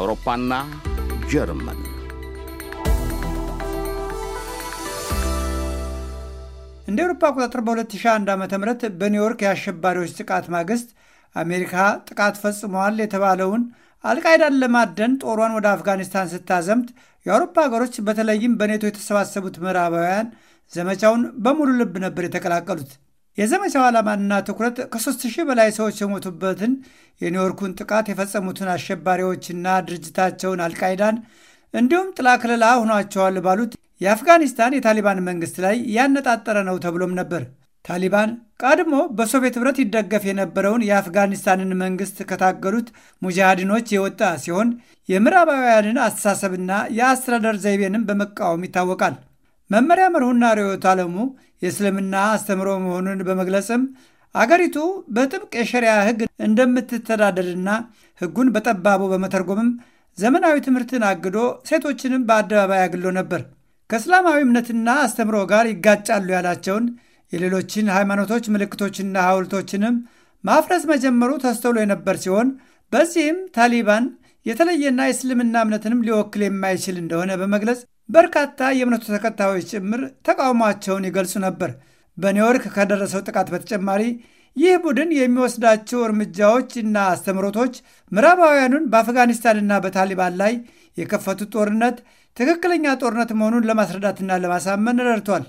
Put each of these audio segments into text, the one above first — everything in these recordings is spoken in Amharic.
አውሮፓና ጀርመን እንደ አውሮፓ አቆጣጠር በ2001 ዓ ም በኒውዮርክ የአሸባሪዎች ጥቃት ማግስት አሜሪካ ጥቃት ፈጽመዋል የተባለውን አልቃይዳን ለማደን ጦሯን ወደ አፍጋኒስታን ስታዘምት የአውሮፓ ሀገሮች በተለይም በኔቶ የተሰባሰቡት ምዕራባውያን ዘመቻውን በሙሉ ልብ ነበር የተቀላቀሉት። የዘመቻው ዓላማና ትኩረት ከሦስት ሺህ በላይ ሰዎች የሞቱበትን የኒውዮርኩን ጥቃት የፈጸሙትን አሸባሪዎችና ድርጅታቸውን አልቃይዳን እንዲሁም ጥላ ክልላ ሆኗቸዋል ባሉት የአፍጋኒስታን የታሊባን መንግስት ላይ ያነጣጠረ ነው ተብሎም ነበር። ታሊባን ቀድሞ በሶቪየት ኅብረት ይደገፍ የነበረውን የአፍጋኒስታንን መንግስት ከታገሉት ሙጃሃዲኖች የወጣ ሲሆን የምዕራባውያንን አስተሳሰብና የአስተዳደር ዘይቤንም በመቃወም ይታወቃል። መመሪያ መርሁና ርዕዮተ ዓለሙ የእስልምና አስተምሮ መሆኑን በመግለጽም አገሪቱ በጥብቅ የሸሪያ ሕግ እንደምትተዳደርና ሕጉን በጠባቡ በመተርጎምም ዘመናዊ ትምህርትን አግዶ ሴቶችንም በአደባባይ አግሎ ነበር። ከእስላማዊ እምነትና አስተምሮ ጋር ይጋጫሉ ያላቸውን የሌሎችን ሃይማኖቶች ምልክቶችና ሐውልቶችንም ማፍረስ መጀመሩ ተስተውሎ የነበር ሲሆን በዚህም ታሊባን የተለየና የእስልምና እምነትንም ሊወክል የማይችል እንደሆነ በመግለጽ በርካታ የእምነቱ ተከታዮች ጭምር ተቃውሟቸውን ይገልጹ ነበር። በኒውዮርክ ከደረሰው ጥቃት በተጨማሪ ይህ ቡድን የሚወስዳቸው እርምጃዎች እና አስተምሮቶች ምዕራባውያኑን በአፍጋኒስታንና በታሊባን ላይ የከፈቱት ጦርነት ትክክለኛ ጦርነት መሆኑን ለማስረዳትና ለማሳመን ረድቷል።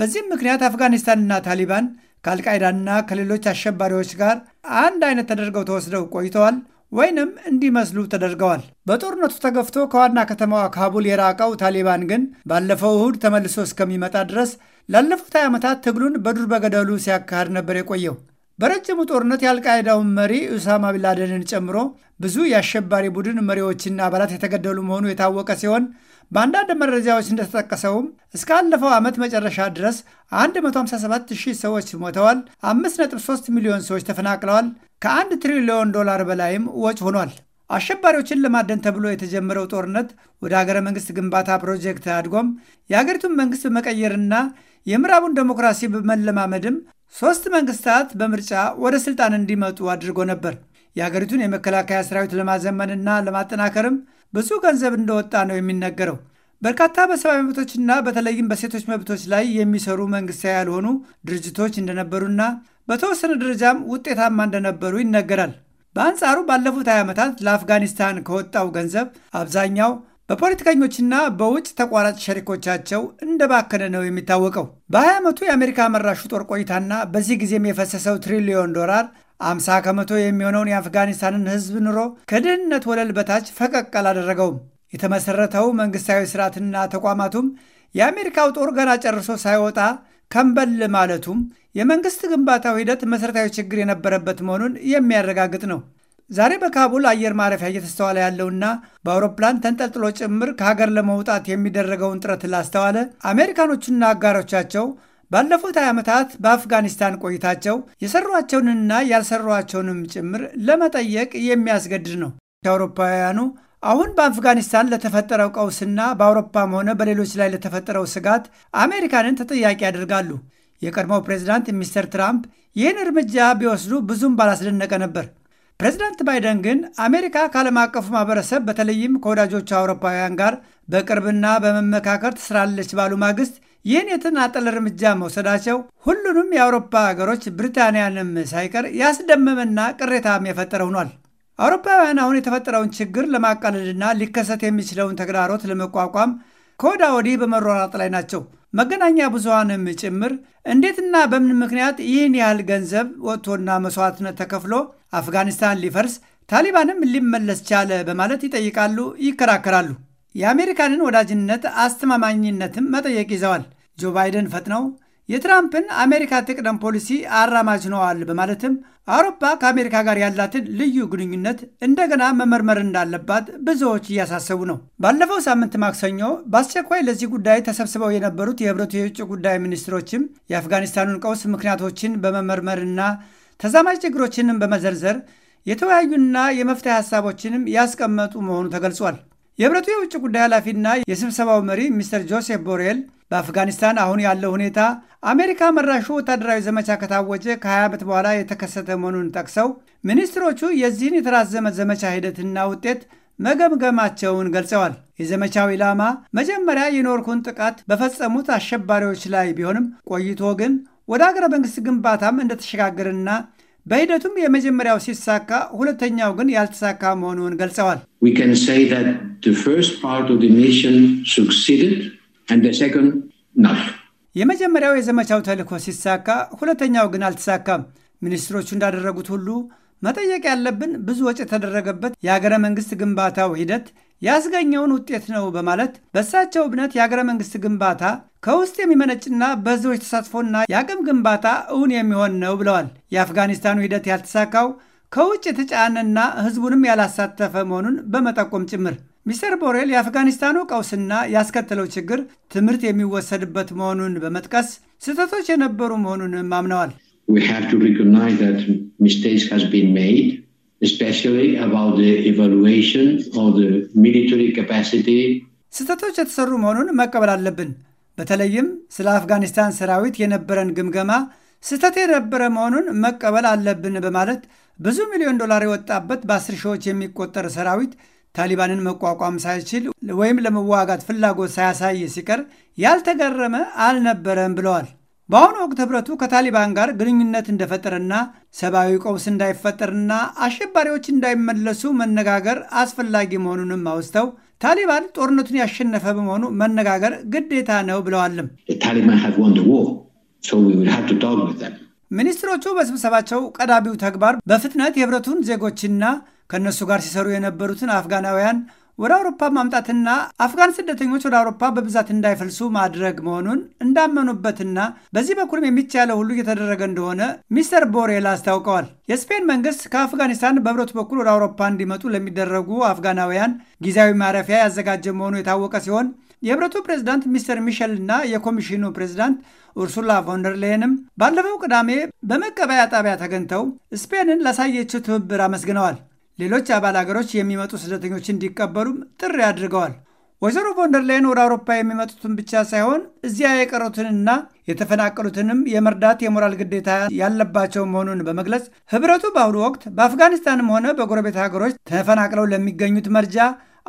በዚህም ምክንያት አፍጋኒስታንና ታሊባን ከአልቃይዳና ከሌሎች አሸባሪዎች ጋር አንድ አይነት ተደርገው ተወስደው ቆይተዋል። ወይንም እንዲመስሉ ተደርገዋል። በጦርነቱ ተገፍቶ ከዋና ከተማዋ ካቡል የራቀው ታሊባን ግን ባለፈው እሁድ ተመልሶ እስከሚመጣ ድረስ ላለፉት 20 ዓመታት ትግሉን በዱር በገደሉ ሲያካሂድ ነበር የቆየው። በረጅሙ ጦርነት የአልቃይዳውን መሪ ኡሳማ ቢንላደንን ጨምሮ ብዙ የአሸባሪ ቡድን መሪዎችና አባላት የተገደሉ መሆኑ የታወቀ ሲሆን በአንዳንድ መረጃዎች እንደተጠቀሰውም እስካለፈው ዓመት መጨረሻ ድረስ 157,000 ሰዎች ሞተዋል፣ 5.3 ሚሊዮን ሰዎች ተፈናቅለዋል፣ ከአንድ ትሪሊዮን ዶላር በላይም ወጪ ሆኗል። አሸባሪዎችን ለማደን ተብሎ የተጀመረው ጦርነት ወደ ሀገረ መንግስት ግንባታ ፕሮጀክት አድጎም የሀገሪቱን መንግስት በመቀየርና የምዕራቡን ዴሞክራሲ በመለማመድም ሦስት መንግስታት በምርጫ ወደ ስልጣን እንዲመጡ አድርጎ ነበር። የሀገሪቱን የመከላከያ ሰራዊት ለማዘመንና ለማጠናከርም ብዙ ገንዘብ እንደወጣ ነው የሚነገረው። በርካታ በሰብአዊ መብቶችና በተለይም በሴቶች መብቶች ላይ የሚሰሩ መንግስታዊ ያልሆኑ ድርጅቶች እንደነበሩና በተወሰነ ደረጃም ውጤታማ እንደነበሩ ይነገራል። በአንጻሩ ባለፉት 20 ዓመታት ለአፍጋኒስታን ከወጣው ገንዘብ አብዛኛው በፖለቲከኞችና በውጭ ተቋራጭ ሸሪኮቻቸው እንደባከነ ነው የሚታወቀው። በ20 ዓመቱ የአሜሪካ መራሹ ጦር ቆይታና በዚህ ጊዜም የፈሰሰው ትሪሊዮን ዶላር አምሳ ከመቶ የሚሆነውን የአፍጋኒስታንን ህዝብ ኑሮ ከድህነት ወለል በታች ፈቀቅ አላደረገውም። የተመሰረተው መንግስታዊ ስርዓትና ተቋማቱም የአሜሪካው ጦር ገና ጨርሶ ሳይወጣ ከንበል ማለቱም የመንግስት ግንባታው ሂደት መሠረታዊ ችግር የነበረበት መሆኑን የሚያረጋግጥ ነው። ዛሬ በካቡል አየር ማረፊያ እየተስተዋለ ያለውና በአውሮፕላን ተንጠልጥሎ ጭምር ከሀገር ለመውጣት የሚደረገውን ጥረት ላስተዋለ አሜሪካኖቹና አጋሮቻቸው ባለፉት 20 ዓመታት በአፍጋኒስታን ቆይታቸው የሰሯቸውንና ያልሰሯቸውንም ጭምር ለመጠየቅ የሚያስገድድ ነው። አውሮፓውያኑ አሁን በአፍጋኒስታን ለተፈጠረው ቀውስና በአውሮፓም ሆነ በሌሎች ላይ ለተፈጠረው ስጋት አሜሪካንን ተጠያቂ ያደርጋሉ። የቀድሞው ፕሬዚዳንት ሚስተር ትራምፕ ይህን እርምጃ ቢወስዱ ብዙም ባላስደነቀ ነበር። ፕሬዚዳንት ባይደን ግን አሜሪካ ከዓለም አቀፉ ማህበረሰብ በተለይም ከወዳጆቹ አውሮፓውያን ጋር በቅርብና በመመካከር ትስራለች ባሉ ማግስት ይህን የተናጠል እርምጃ መውሰዳቸው ሁሉንም የአውሮፓ ሀገሮች ብሪታንያንም ሳይቀር ያስደመመና ቅሬታም የፈጠረ ሆኗል። አውሮፓውያን አሁን የተፈጠረውን ችግር ለማቃለልና ሊከሰት የሚችለውን ተግዳሮት ለመቋቋም ከወዳ ወዲህ በመሯራጥ ላይ ናቸው። መገናኛ ብዙሃንም ጭምር እንዴትና በምን ምክንያት ይህን ያህል ገንዘብ ወጥቶና መስዋዕትነት ተከፍሎ አፍጋኒስታን ሊፈርስ ታሊባንም ሊመለስ ቻለ በማለት ይጠይቃሉ፣ ይከራከራሉ። የአሜሪካንን ወዳጅነት አስተማማኝነትም መጠየቅ ይዘዋል። ጆ ባይደን ፈጥነው የትራምፕን አሜሪካ ትቅደም ፖሊሲ አራማጅ ነዋል በማለትም አውሮፓ ከአሜሪካ ጋር ያላትን ልዩ ግንኙነት እንደገና መመርመር እንዳለባት ብዙዎች እያሳሰቡ ነው። ባለፈው ሳምንት ማክሰኞ በአስቸኳይ ለዚህ ጉዳይ ተሰብስበው የነበሩት የህብረቱ የውጭ ጉዳይ ሚኒስትሮችም የአፍጋኒስታኑን ቀውስ ምክንያቶችን በመመርመርና ተዛማጅ ችግሮችንም በመዘርዘር የተወያዩና የመፍትሄ ሀሳቦችንም ያስቀመጡ መሆኑ ተገልጿል። የህብረቱ የውጭ ጉዳይ ኃላፊና የስብሰባው መሪ ሚስተር ጆሴፍ ቦሬል በአፍጋኒስታን አሁን ያለው ሁኔታ አሜሪካ መራሹ ወታደራዊ ዘመቻ ከታወጀ ከ20 ዓመት በኋላ የተከሰተ መሆኑን ጠቅሰው ሚኒስትሮቹ የዚህን የተራዘመ ዘመቻ ሂደትና ውጤት መገምገማቸውን ገልጸዋል። የዘመቻው ኢላማ መጀመሪያ የኖርኩን ጥቃት በፈጸሙት አሸባሪዎች ላይ ቢሆንም ቆይቶ ግን ወደ አገረ መንግሥት ግንባታም እንደተሸጋገረና በሂደቱም የመጀመሪያው ሲሳካ ሁለተኛው ግን ያልተሳካ መሆኑን ገልጸዋል። የመጀመሪያው የዘመቻው ተልኮ ሲሳካ፣ ሁለተኛው ግን አልተሳካም። ሚኒስትሮቹ እንዳደረጉት ሁሉ መጠየቅ ያለብን ብዙ ወጪ የተደረገበት የሀገረ መንግስት ግንባታው ሂደት ያስገኘውን ውጤት ነው በማለት በእሳቸው እምነት የሀገረ መንግስት ግንባታ ከውስጥ የሚመነጭና በህዝቦች ተሳትፎና የአቅም ግንባታ እውን የሚሆን ነው ብለዋል። የአፍጋኒስታኑ ሂደት ያልተሳካው ከውጭ የተጫነና ህዝቡንም ያላሳተፈ መሆኑን በመጠቆም ጭምር ሚስተር ቦሬል የአፍጋኒስታኑ ቀውስና ያስከተለው ችግር ትምህርት የሚወሰድበት መሆኑን በመጥቀስ ስህተቶች የነበሩ መሆኑንም አምነዋል። ስህተቶች የተሰሩ መሆኑን መቀበል አለብን። በተለይም ስለ አፍጋኒስታን ሰራዊት የነበረን ግምገማ ስህተት የነበረ መሆኑን መቀበል አለብን በማለት ብዙ ሚሊዮን ዶላር የወጣበት በአስር ሺዎች የሚቆጠር ሰራዊት ታሊባንን መቋቋም ሳይችል ወይም ለመዋጋት ፍላጎት ሳያሳይ ሲቀር ያልተገረመ አልነበረም ብለዋል። በአሁኑ ወቅት ህብረቱ ከታሊባን ጋር ግንኙነት እንደፈጠረና ሰብአዊ ቀውስ እንዳይፈጠርና አሸባሪዎች እንዳይመለሱ መነጋገር አስፈላጊ መሆኑንም አውስተው ታሊባን ጦርነቱን ያሸነፈ በመሆኑ መነጋገር ግዴታ ነው ብለዋልም። ሚኒስትሮቹ በስብሰባቸው ቀዳሚው ተግባር በፍጥነት የህብረቱን ዜጎችና ከእነሱ ጋር ሲሰሩ የነበሩትን አፍጋናውያን ወደ አውሮፓ ማምጣትና አፍጋን ስደተኞች ወደ አውሮፓ በብዛት እንዳይፈልሱ ማድረግ መሆኑን እንዳመኑበትና በዚህ በኩልም የሚቻለው ሁሉ እየተደረገ እንደሆነ ሚስተር ቦሬል አስታውቀዋል። የስፔን መንግስት ከአፍጋኒስታን በህብረቱ በኩል ወደ አውሮፓ እንዲመጡ ለሚደረጉ አፍጋናውያን ጊዜያዊ ማረፊያ ያዘጋጀ መሆኑ የታወቀ ሲሆን የህብረቱ ፕሬዝዳንት ሚስተር ሚሸል እና የኮሚሽኑ ፕሬዝዳንት ኡርሱላ ቮንደርሌየንም ባለፈው ቅዳሜ በመቀበያ ጣቢያ ተገኝተው ስፔንን ላሳየችው ትብብር አመስግነዋል። ሌሎች አባል አገሮች የሚመጡ ስደተኞች እንዲቀበሉም ጥሪ አድርገዋል። ወይዘሮ ቮንደርሌን ወደ አውሮፓ የሚመጡትን ብቻ ሳይሆን እዚያ የቀሩትንና የተፈናቀሉትንም የመርዳት የሞራል ግዴታ ያለባቸው መሆኑን በመግለጽ ህብረቱ በአሁኑ ወቅት በአፍጋኒስታንም ሆነ በጎረቤት ሀገሮች ተፈናቅለው ለሚገኙት መርጃ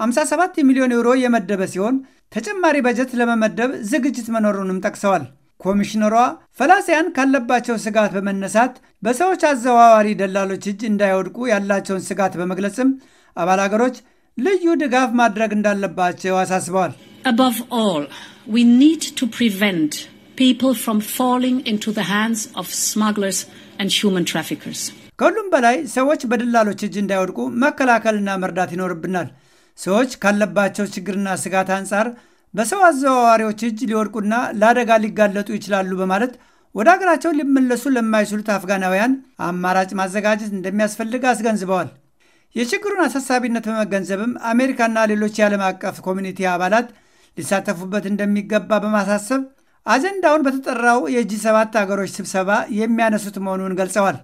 57 ሚሊዮን ዩሮ የመደበ ሲሆን ተጨማሪ በጀት ለመመደብ ዝግጅት መኖሩንም ጠቅሰዋል። ኮሚሽነሯ ፈላሲያን ካለባቸው ስጋት በመነሳት በሰዎች አዘዋዋሪ ደላሎች እጅ እንዳይወድቁ ያላቸውን ስጋት በመግለጽም አባል አገሮች ልዩ ድጋፍ ማድረግ እንዳለባቸው አሳስበዋል። Above all, we need to prevent people from falling into the hands of smugglers and human traffickers. ከሁሉም በላይ ሰዎች በደላሎች እጅ እንዳይወድቁ መከላከልና መርዳት ይኖርብናል። ሰዎች ካለባቸው ችግርና ስጋት አንጻር በሰው አዘዋዋሪዎች እጅ ሊወድቁና ለአደጋ ሊጋለጡ ይችላሉ በማለት ወደ አገራቸው ሊመለሱ ለማይችሉት አፍጋናውያን አማራጭ ማዘጋጀት እንደሚያስፈልግ አስገንዝበዋል። የችግሩን አሳሳቢነት በመገንዘብም አሜሪካና ሌሎች የዓለም አቀፍ ኮሚኒቲ አባላት ሊሳተፉበት እንደሚገባ በማሳሰብ አጀንዳውን በተጠራው የጂ ሰባት አገሮች ስብሰባ የሚያነሱት መሆኑን ገልጸዋል።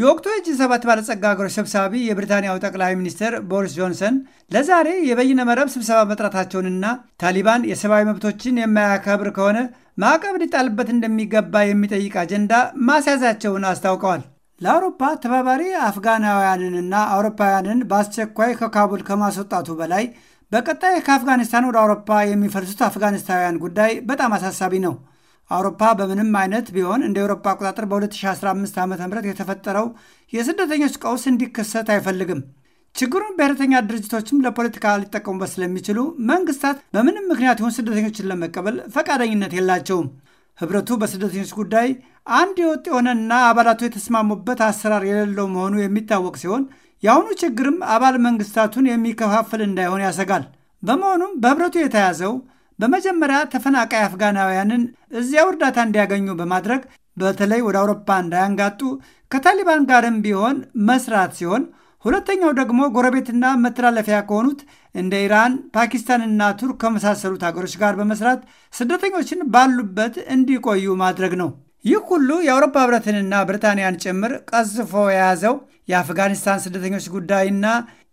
የወቅቱ የጂ ሰባት ባለጸጋ ሀገሮች ሰብሳቢ የብሪታንያው ጠቅላይ ሚኒስትር ቦሪስ ጆንሰን ለዛሬ የበይነ መረብ ስብሰባ መጥራታቸውንና ታሊባን የሰብአዊ መብቶችን የማያከብር ከሆነ ማዕቀብ ሊጣልበት እንደሚገባ የሚጠይቅ አጀንዳ ማስያዛቸውን አስታውቀዋል። ለአውሮፓ ተባባሪ አፍጋናውያንንና አውሮፓውያንን በአስቸኳይ ከካቡል ከማስወጣቱ በላይ በቀጣይ ከአፍጋኒስታን ወደ አውሮፓ የሚፈልሱት አፍጋኒስታውያን ጉዳይ በጣም አሳሳቢ ነው። አውሮፓ በምንም አይነት ቢሆን እንደ አውሮፓ አቆጣጠር በ2015 ዓ ም የተፈጠረው የስደተኞች ቀውስ እንዲከሰት አይፈልግም። ችግሩን ብሔረተኛ ድርጅቶችም ለፖለቲካ ሊጠቀሙበት ስለሚችሉ መንግስታት በምንም ምክንያት ይሁን ስደተኞችን ለመቀበል ፈቃደኝነት የላቸውም። ህብረቱ በስደተኞች ጉዳይ አንድ የወጥ የሆነና አባላቱ የተስማሙበት አሰራር የሌለው መሆኑ የሚታወቅ ሲሆን የአሁኑ ችግርም አባል መንግስታቱን የሚከፋፍል እንዳይሆን ያሰጋል። በመሆኑም በህብረቱ የተያዘው በመጀመሪያ ተፈናቃይ አፍጋናውያንን እዚያው እርዳታ እንዲያገኙ በማድረግ በተለይ ወደ አውሮፓ እንዳያንጋጡ ከታሊባን ጋርም ቢሆን መስራት ሲሆን ሁለተኛው ደግሞ ጎረቤትና መተላለፊያ ከሆኑት እንደ ኢራን፣ ፓኪስታንና ቱርክ ከመሳሰሉት ሀገሮች ጋር በመስራት ስደተኞችን ባሉበት እንዲቆዩ ማድረግ ነው። ይህ ሁሉ የአውሮፓ ህብረትንና ብሪታንያን ጭምር ቀዝፎ የያዘው የአፍጋኒስታን ስደተኞች ጉዳይና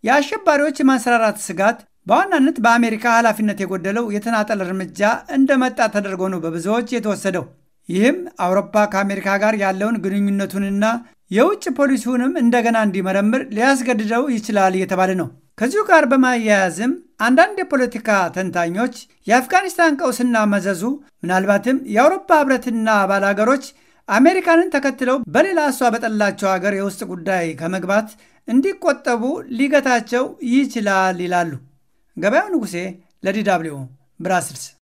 የአሸባሪዎች የማንሰራራት ስጋት በዋናነት በአሜሪካ ኃላፊነት የጎደለው የተናጠል እርምጃ እንደመጣ ተደርጎ ነው በብዙዎች የተወሰደው። ይህም አውሮፓ ከአሜሪካ ጋር ያለውን ግንኙነቱንና የውጭ ፖሊሲውንም እንደገና እንዲመረምር ሊያስገድደው ይችላል እየተባለ ነው። ከዚሁ ጋር በማያያዝም አንዳንድ የፖለቲካ ተንታኞች የአፍጋኒስታን ቀውስና መዘዙ ምናልባትም የአውሮፓ ህብረትና አባል አገሮች አሜሪካንን ተከትለው በሌላ እሷ በጠላቸው ሀገር የውስጥ ጉዳይ ከመግባት እንዲቆጠቡ ሊገታቸው ይችላል ይላሉ። Gabaa Nugusee, Ladi Daabliyoo, Biraasils.